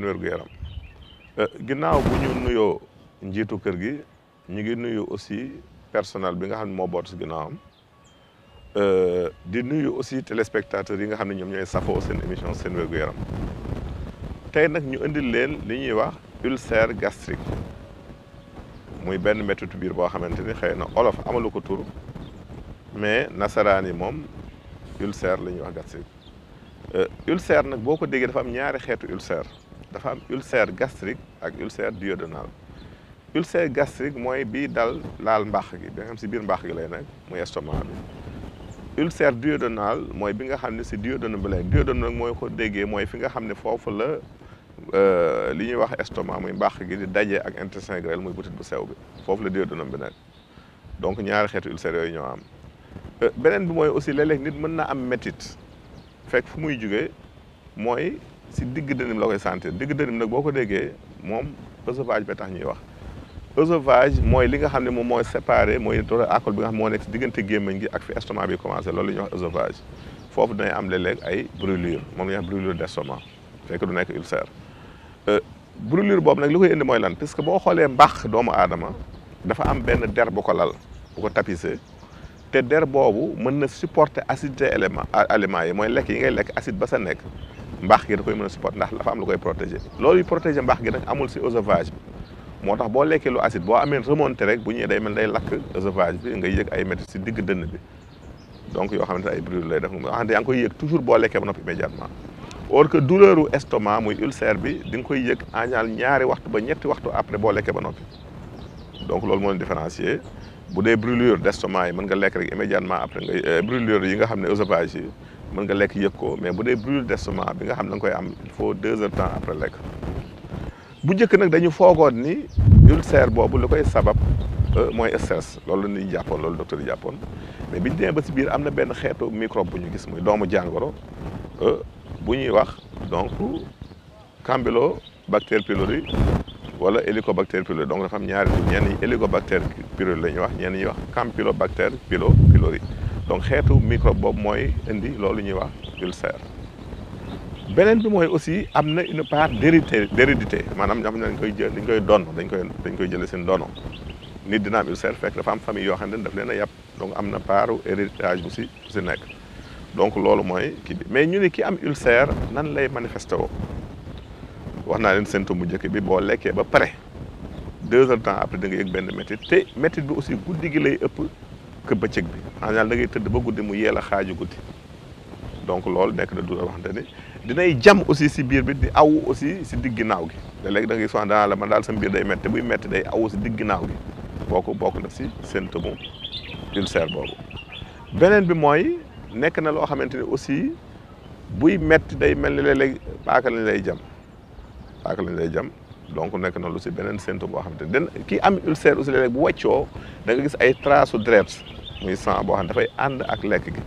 gu yaram euh, ginnaaw bu ñu nuyoo njiitu kër gi ñu ngi nuyu aussi personnel bi nga xam ne moo boot si ginnaawam euh, di nuyu aussi téléspectateurs yi nga xam ne ñoom ñooy safoo seen émission seen wér-gu-yaram tey nag ñu indil leen li ñuy wax ulcère gastrique muy benn méttitu biir boo xamante ni xëy na olof amalu ko tur mais nasaraan yi moom ulcère la ñuy wax gastrique euh, ulcère nag boo ko déggee dafa am ñaari xeetu ulcère dafa am ulcère gastrique ak ulcère duodénal ulcère gastrique mooy bii dal laal mbaax gi bi nga xam si biir mbaax gi lay nekk muy estomac bi ulcère duodénal mooy bi nga xam ne si duodénal bi lay duodénal mooy ko déggee mooy fi nga xam ne foofu la euh, li ñuy wax estomac muy mbaax gi di daje ak intestin grêle muy butit bu sew bi foofu la duodénal bi nekk donc ñaari xeetu ulcère yooyu ñoo am euh, beneen bi mooy aussi léeg-léeg nit mën na am métit fekk fu muy jugee si digg dënëm la koy sentir digg dënëm nag boo ko déggee moom œsophage ba tax ñuy wax œsophage mooy li nga xam ne moom mooy séparé mooy doole acol bi nga xam moo nekk si diggante gémmañ gi ak fi estomac loolu la ñuy wax œsophage foofu am léeg ay brûlure moom la ñuy wax brûlure d'estomac du nekk ulcère euh, brûlure boobu nag li koy indi mooy lan parce que boo xoolee mbaax doomu aadama dafa am benn der ko lal bu ko tapissé te der boobu mën na supporter acidité élément aliments yi mooy lekk yi ngay lekk acide ba sa nekk mbaax gi da koy mën a support ndax dafa am lu koy protéger lool yu protéger mbaax gi nag amul si œsophage bi moo tax boo lekkee lu acide boo amee remonté rek bu ñëwee day mel bi nga yëg ay métti si digg dënn bi donc yoo xamante ay brûlures lay def nga xamante yaa ngi koy yëg toujours boo lekkee ba noppi immédiatement or que bi di nga koy yëg en général ñaari waxtu ba ñetti waxtu après boo lekkee ba noppi donc loolu moo leen bu dee brûlure d' estomac yi mën nga lekk rek immédiatement après nga euh, yi nga xam ne œsophage yi mën nga lekk yëg ko mais bu dee brûlure d'estomac bi nga xam ne da nga koy am il faut deux heures temps après lekk bu njëkk nag dañu foogoon ni ulcère boobu lu koy sabab euh, mooy stress loolu la ñuy jàppoon loolu docteur yi jàppoon mais biñ demee ba si biir am na benn xeetu microbe bu ñu gis muy doomu jàngoro euh, bu ñuy wax donc Campylobacter pylori wala Helicobacter pylori donc dafa am ñaari ñenn ñi Helicobacter pylori la ñuy wax ñenn ñuy wax Campylobacter pylori donc xeetu microbe boobu mooy indi loolu ñuy wax ulcère beneen bi mooy aussi am na une part d'hérédité d'hérédité maanaam ñoo xam ne koy jël dañ koy donn dañ koy dañ koy jëlee seen doono nit dina am ulcère fekk dafa am famille yoo xam ne daf leen a yàpp donc am na paaru héritage bu si si nekk donc loolu mooy ki bi mais ñu ne ki am ulcère nan lay manifesté woo wax naa leen symptôme mu njëkk bi boo lekkee ba pare deux heures temps après da yëg benn métit te métit bi aussi guddi gi lay ëpp que bëccëg bi en général da ngay tëdd ba guddi mu yeel a xaaju guddi donc loolu nekk na du la wax ne dinay jam aussi si biir bi di aw aussi si digg ginnaaw gi léeg-léeg da ngay souvent danaa la man daal sama biir day métti buy métti day aw si digg ginnaaw gi bokk na si symptôme ulcère boobu. beneen bi mooy nekk na loo xamante ni aussi buy métti day mel ni léeg-léeg paaka lañ lay jam paaka lañ lay jam. donc nekk na lu si beneen séntu boo xam te den kii am ulcère aussi léeg bu wàccoo da nga gis ay traces su muy sang boo xam ne dafay ànd ak lekk gi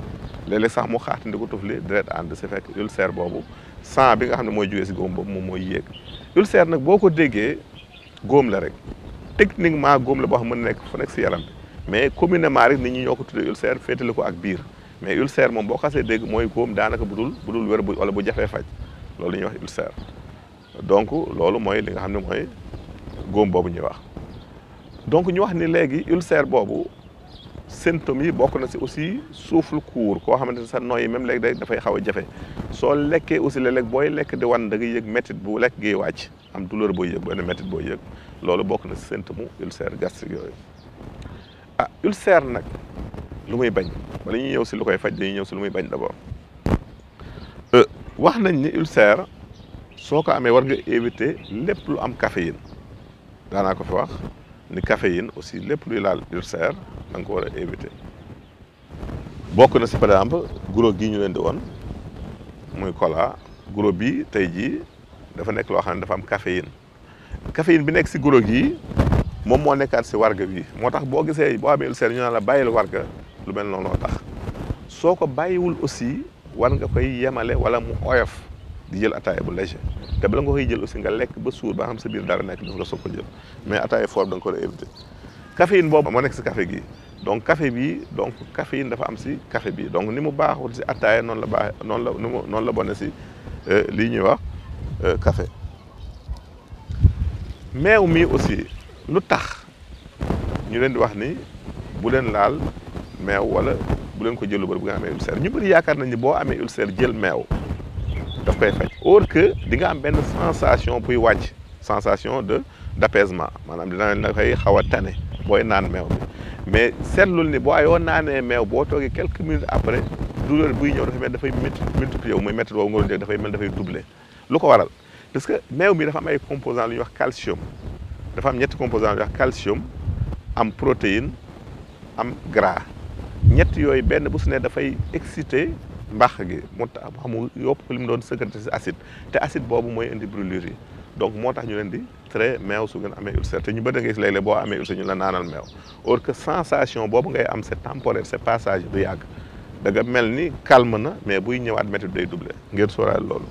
léeg sax mu xaatandi ko tufli deret ànd si fekk ulcère boobu sang bi nga xam ne mooy jógee si góom boobu moom mooy yéeg ulcère nag boo ko déggee góom la rek techniquement góom la boo mën nekk fa nekk si yaram bi mais communément rek nit ñi ñoo ko tuddee ulcère féetale ko ak biir mais ulcère moom boo xasee dégg mooy góom daanaka bu dul bu dul wér bu wala bu jafee faj loolu ñuy wax ulcère donc loolu mooy li nga xam ne mooy góom boobu ñuy wax donc ñu wax ni léegi ulcère boobu symptômes yi bokk na si aussi souffle court koo xamante ne sa nooy yi même léegi day dafay xaw a jafe soo lekkee aussi léeg-léeg booy lekk di wan da ngay yëg métit bu lekk gi wàcc am douleur booy yëg benn métit booy yëg loolu bokk na si symptôme ulcère gastrique yooyu ah ulcère nag lu muy bañ bala ñu ñëw si lu koy faj dañuy ñëw si lu muy bañ d'abord euh, wax nañ ni ulcère soo ko amee war nga éviter lépp lu am caféine daanaa ko fi wax ni caféine aussi lepp luy laal ulcère da nga ko wara éviter bokku na si par exemple guro gi ñu leen di won muy cola guro bi tay ji dafa nek lo xamne dafa am caféine caféine bi nek ci guro gi mom mo nekkat ci warga bi motax bo gisé bo boo ulcère ñu la bayil warga lu mel lo tax soko ko aussi war nga koy yemale wala mu oyof di jël ataaya bu léger te la nga koy jël aussi nga lekk ba suur ba xam sa biir dara nekk dafa la soog ko jël mais ataaya fort da nga ko doon éviter. caféine boobu moo nekk si kafe gi donc café bi donc caféine dafa am si café bi donc ni mu baaxul si ataaya noonu la baax noonu la noonu la bone si euh, lii ñuy wax euh, café meew mi aussi lu tax ñu leen di wax ni bu leen laal meew wala bu leen ko jël lu bëri bu nga amee ulcère ñu bëri yaakaar nañ ni boo amee ulcère jël meew. or que di nga am benn sensation buy wàcc sensation de d' apaisement dina la koy xaw a tane booy mais de ni boo ayoo de meew de quelques minutes après douleur buy ñëw multiplier wu de mel doubler waral parce que meew mi dafa am ay composants lu wax calcium dafa am de composants lu wax calcium am protéine am gras ñett yooyu benn excité mbax gi mu tax xamu yópp ko li mu doon sëkkante si acide te acide boobu mooy indi brûlure yi donc moo tax ñu leen di très meew su ngeen amee ulcère te ñu bëri da ngay gis léeg-léeg boo amee ulcère ñu la naanal meew or que sensation boobu ngay am c'est temporaire c'est passage yàgg da mel ni calme na mais buy ñëwaat métti day doublé ngeen sóoraale loolu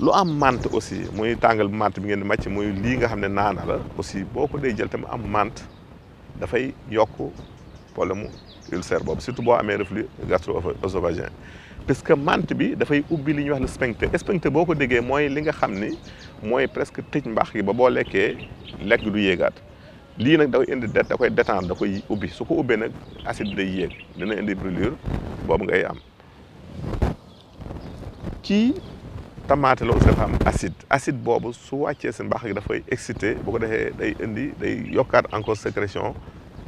lu am mante aussi muy tàngal mante bi ngeen di màcc muy lii nga xam ne naana aussi boo ko dee jël te mu am mante dafay yokk problème mu ulcère boobu surtout boo amee reflux gastro-œsophagien parce que mante bi da fay oubbi li ñuy wax le sphincter sphincter boko ko moy li nga xam moy presque tëj mbaax gi ba boo lekkee lekk du yéegaat li nak da koy indi da koy détendre da koy oubbi su ko ubbee nag acide bi day yéeg dina indi brûlure boobu ngay am kii tamaate lo aussi dafa am acide acide bobu su wàccee seen mbaax gi dafay excité bu ko defee day indi day yokkaat encore sécrétion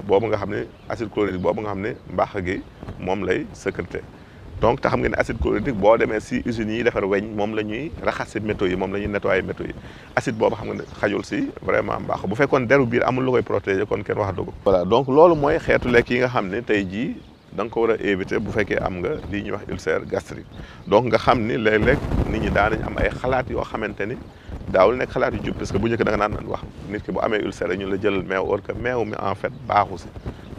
boobu nga xam ne acide chlorhydrique boobu nga xam ne mbaax gi moom lay sécrété donc te xam nga ne acide chlorhydrique boo demee si usines yi defar weñ moom la ñuy raxase métaux yi moom la ñuy nettoyé métaux yi acide boobu xam nga ne xajul si vraiment mbaax bu fekkoon deru biir amul lu koy protégé kon kenn wax dugg. voilà donc loolu mooy xeetu lekk yi nga xam ne tey jii da ko war a éviter bu fekkee am nga lii ñuy wax ulcère gastrique donc nga xam ni léeg-léeg nit ñi daan nañ am ay xalaat yoo xamante ni. daawul nekk xalaat yu jub parce que bu njëkk da nga naan wax nit ki bu amee ulcère ñu la jëlal meew or que meew mi en fait baaxu si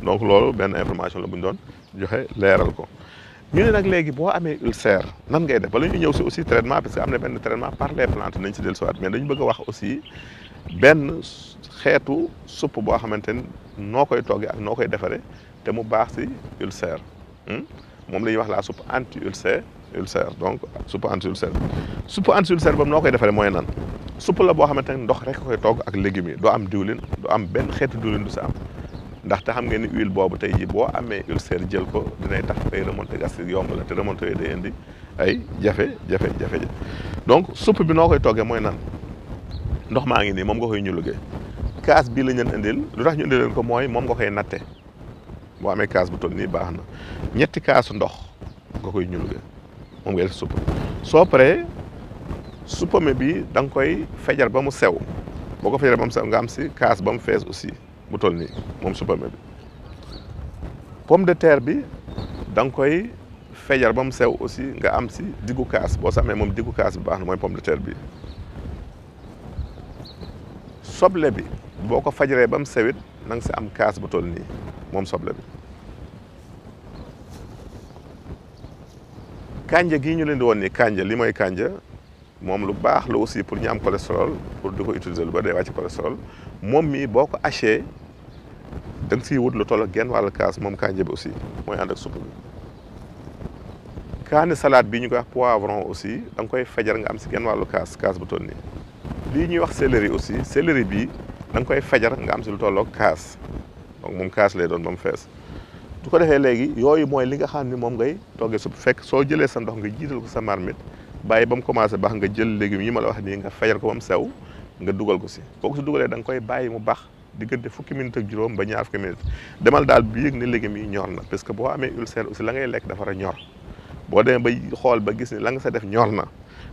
donc loolu benn information la buñ doon joxe leeral ko ñu ne nag léegi boo amee ulcère nan ngay def bala ñu ñëw si aussi traitement parce que am na benn traitement par les plantes nañ si dellusiwaat mais dañu bëgg a wax aussi benn xeetu supp boo xamante ni noo koy toggee ak noo koy defaree te mu baax si ulcère hmm? moom la ñuy wax la soupe anti ulcère ulcère donc supp ant ulcère supp ant ulcère boobu noo koy defaree mooy nan supp la boo xamante ne ndox rek koy togg ak légumes yi doo am diwlin doo am benn xeetu diwlin du sa am ndaxte xam ngeen ni huile boobu tey jii boo amee ulcère jël ko dinay tax ay remontée gastrique yomb la te remontée yooyu indi ay jafe jafe jafe donc supp bi noo koy toggee mooy nan ndox maa ngi nii moom nga koy ñu liggéey kaas bii la ñu leen indil lu tax ñu indil ko mooy moom nga koy natte boo amee kaas bu toll nii baax na ñetti kaasu ndox nga koy ñu ngwel supu soo paree supame bi da nga koy fejar ba sew sew nga am kaas aussi bu bom nii moom supame bi pomme de terre bi da nga koy sew aussi nga am si diggu kaas boo samee moom diggu kaas bi baax pomme de terre bi soble bi boo ko fajaree sewit am kaas bu bom nii soble bi kànja gii ñu leen di woon ni kànja li mooy kànja moom lu baax la aussi pour ñu am cholestérol pour di ko utiliser lu ba day wàcc cholestérol moom mii boo ko haché da siy wut lu toll genn wàllu kaas moom kànja bi aussi mooy ak supp bi kaani salaat bi ñu koy wax poivron aussi da nga koy fajar nga am si genn wàllu kaas kaas bu toll nii lii ñuy wax céleri aussi céleri bi da koy fajar nga am si lu tolloog kaas donc moom kaas lay doon ba mu fees su ko defee léegi yooyu mooy li nga xam ni moom ngay toggee su fekk soo jëlee sa ndox nga jiital ko sa marmit bàyyi ba mu commencé baax nga jël légumes yi ma la wax nga fayal ko ba mu sew nga dugal ko si boo dugalee da nga koy bàyyi mu baax diggante fukki minutes ak juróom ba ñaar fukki minutes demal daal bi ne légumes yi ñor na parce que boo amee ulcère aussi la ngay lekk dafa war a ñor boo demee ba xool ba gis ni la nga sa def ñor na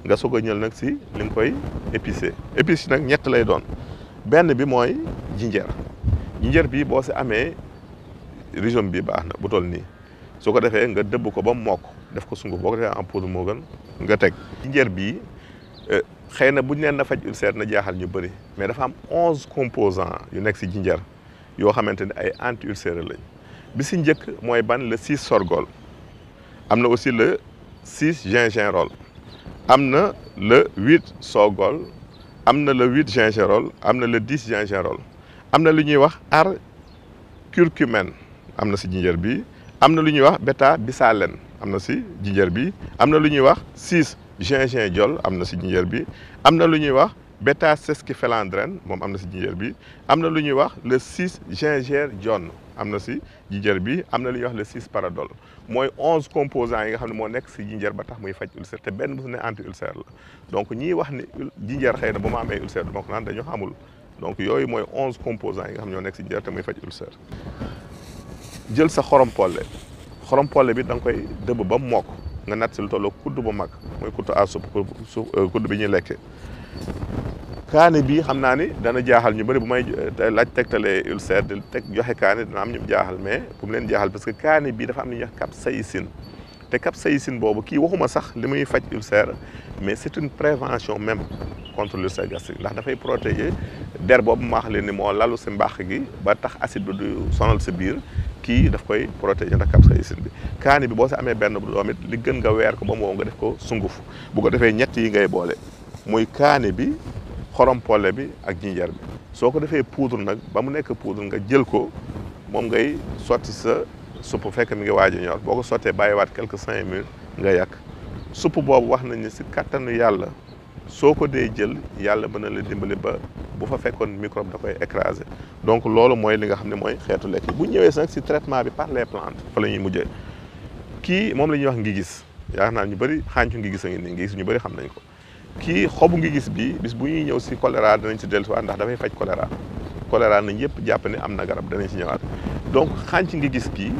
nga soog a ñël nag si li nga koy épicé épice nag ñett lay doon benn bi mooy jinjeer jinjeer bi boo si amee région bi baxna bu toll ni soko defé nga debb ko ba mok def ko sungu bok en poudre mo gën nga tek njer bi eh, xeyna buñu len na faj ulcère na jaxal ñu bari mais dafa am 11 composants yu nek ci ginger yo xamanteni ay anti ulcère lañ bi ci ñëk moy ban le 6 sorgol amna aussi le 6 gingerol amna le 8 sorgol amna le 8 gingerol amna le 10 gingerol amna li ñuy wax ar curcumène amna na si jinjër bi amna luñuy wax beta bisaalen amna na si jinjër bi amna luñuy wax 6 gingin diol amna na si jinjër bi amna luñuy wax beta sesquiphélandrène mom amna na si jinjër bi amna luñuy wax le 6 ginger jaune amna na si jinjër bi amna luñuy wax le 6 paradol moy 11 composants yi nga xamne mo nek nekk si jinjër ba tax muy faj ulcère te ben bu su anti ulcère la donc ñi wax ni jinjër xeyna buma amé ulcère donc ko dañu xamul donc yoy moy 11 composants yi nga xamne ñoo nek si jinjër te muy faj ulcère jël sa xorom polle xorom polle bi da nga koy dëbb ba mokk nga nat si lu tolloo kudd bu mag mooy kudd à soupe euh, kudd bi ñuy lekkee kaani bii xam naa ni dana jaaxal ñu bari bu may euh, laaj tegtalee ulcère di teg joxe kaani dana am ñu jaaxal mais bu mu leen jaaxal parce que kaani bii dafa am lu ñuy wax capsaïcine te capsaïcine boobu kii waxuma sax li muy faj ulcère mais c'est une prévention même contre l'ulcère gastrique ndax dafay protéger der boobu maax leen ni moo lalu si mbàq gi ba tax acide bi du sa biir kii daf koy protéger ndax capsaïcine bi kaani bi boo si amee benn bu doom li gën nga weer ko ba mu wow nga def ko sunguf bu ko defee ñett yi ngay boole muy kaani bi xorom polle bi ak jinjar bi soo ko defee poudre nag ba mu nekk poudre nga jël ko moom ngay sotti sa supp fekk mu ngi waaj a ñor boo ko sottee bàyyiwaat quelques cinq minutes nga yàq supp boobu wax nañ ne si kattanu yàlla soo ko dee jël yàlla mën na la dimbali ba bu fa fekkoon microbe da koy écraser donc loolu mooy li nga xam ne mooy xeetu lekk bu ñëwee si nag si traitement bi par les fa la ñuy mujjee kii moom la ñuy wax ngi gis yaakaar naa ñu bëri xàncu ngi gis ngi nii ngi ñu bëri xam nañ ko kii xobu ngi gis bi bis bu ñuy ñëw si choléra danañ si dellusiwaat ndax dafay faj choléra choléra nañ yëpp jàpp ne am na garab danañ si ñëwaat donc xànc ngi gis kii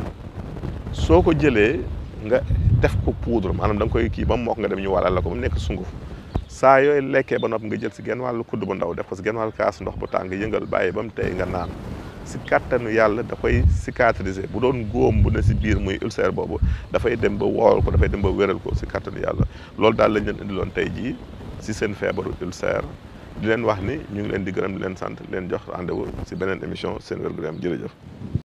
soo ko jëlee nga def ko poudre maanaam da koy kii ba mu mokk dem ñu waral la ko mu nekk sunguf saa yooyu lekkee ba noppi nga jël si genn wàllu kudd bu ndaw def ko si genn wàllu kaas ndox bu tàng yëngal bàyyi ba mu tey nga naan si kattanu yàlla da koy cicatriser bu doon góom bu ne si biir muy ulcère boobu dafay dem ba woowal ko dafay dem ba wéral ko si kattanu yàlla loolu daal lañ leen indiloon tey ji si seen feebaru ulcère di leen wax ni ñu ngi leen di gërëm di leen sant leen jox rendez-vous si beneen émission seen wér-gu-yaram jërëjëf